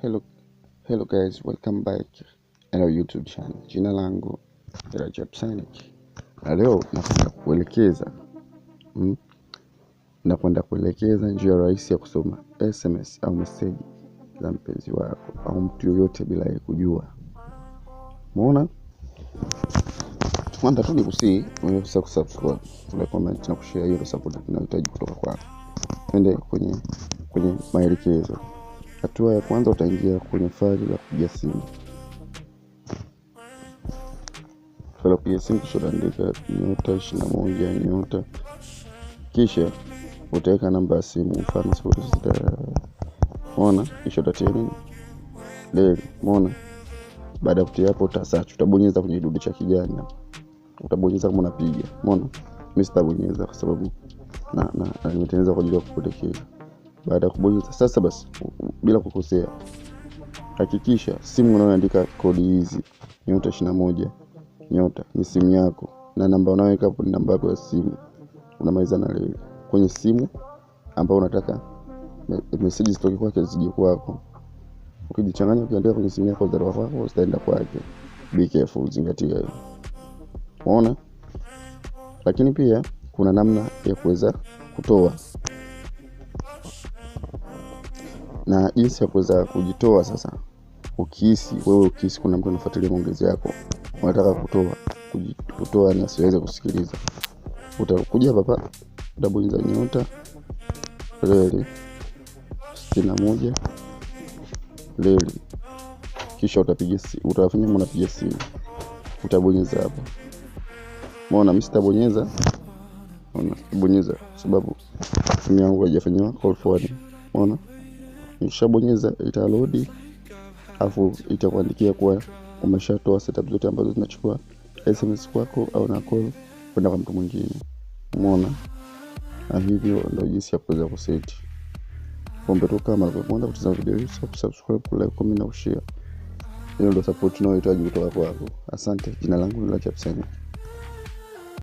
Hello, hello guys, welcome back our YouTube channel. Jina langu Rajab Synic na leo napenda kuelekeza hmm, napenda kuelekeza njia rahisi ya kusoma SMS au meseji za mpenzi wako au mtu yoyote bila ya kujua. Umeona, kwanza tu nikusii unaweza kusubscribe, kule comment na kushare, hiyo support tunahitaji kutoka kwako. Twende kwenye kwenye maelekezo. Hatua ya kwanza utaingia kwenye faili la kupiga simu. Faili la kupiga simu, kisha utaandika nyota ishirini na moja nyota, kisha utaweka namba ya simu, mfano sifuri sita mona, kisha utatia nini deli mona. Baada ya kutia hapo, utasachi utabonyeza kwenye kidude cha kijani, utabonyeza kama unapiga mona. Mi sitabonyeza kwa sababu na na nimetengeneza kwa ajili ya kupotekeza baada ya kubonyeza sasa basi bila kukosea hakikisha simu unayoandika kodi hizi nyota ishirina moja nyota ni simu yako na namba unayoweka hapo ni namba yako ya simu unamaliza na leo kwenye simu ambayo unataka meseji zitoke kwake zije kwako ukijichanganya ukiandika kwenye simu yako dharua kwako zitaenda kwake be zingatia hiyo lakini pia kuna namna ya kuweza kutoa na jinsi ya kuweza kujitoa sasa ukihisi wewe ukihisi kuna mtu anafuatilia maongezi yako unataka kutoa kutoa na siweze kusikiliza utakuja hapa utabonyeza nyota leli sitini na moja leli kisha utapiga utafanya unapiga simu utabonyeza hapa maona mi sitabonyeza bonyeza sababu simu yangu haijafanyiwa call forward ukishabonyeza italodi, afu itakuandikia kuwa umeshatoa setup zote ambazo zinachukua SMS kwako au na call kwenda kwa mtu mwingine. Umeona? Na hivyo ndio jinsi ya kuweza kuseti. kombe tu kama unapenda kutazama video hii, so subscribe, like, comment na kushare. Hiyo ndio support tunayohitaji kutoka kwako. Asante. Jina langu ni Rajab Sanya.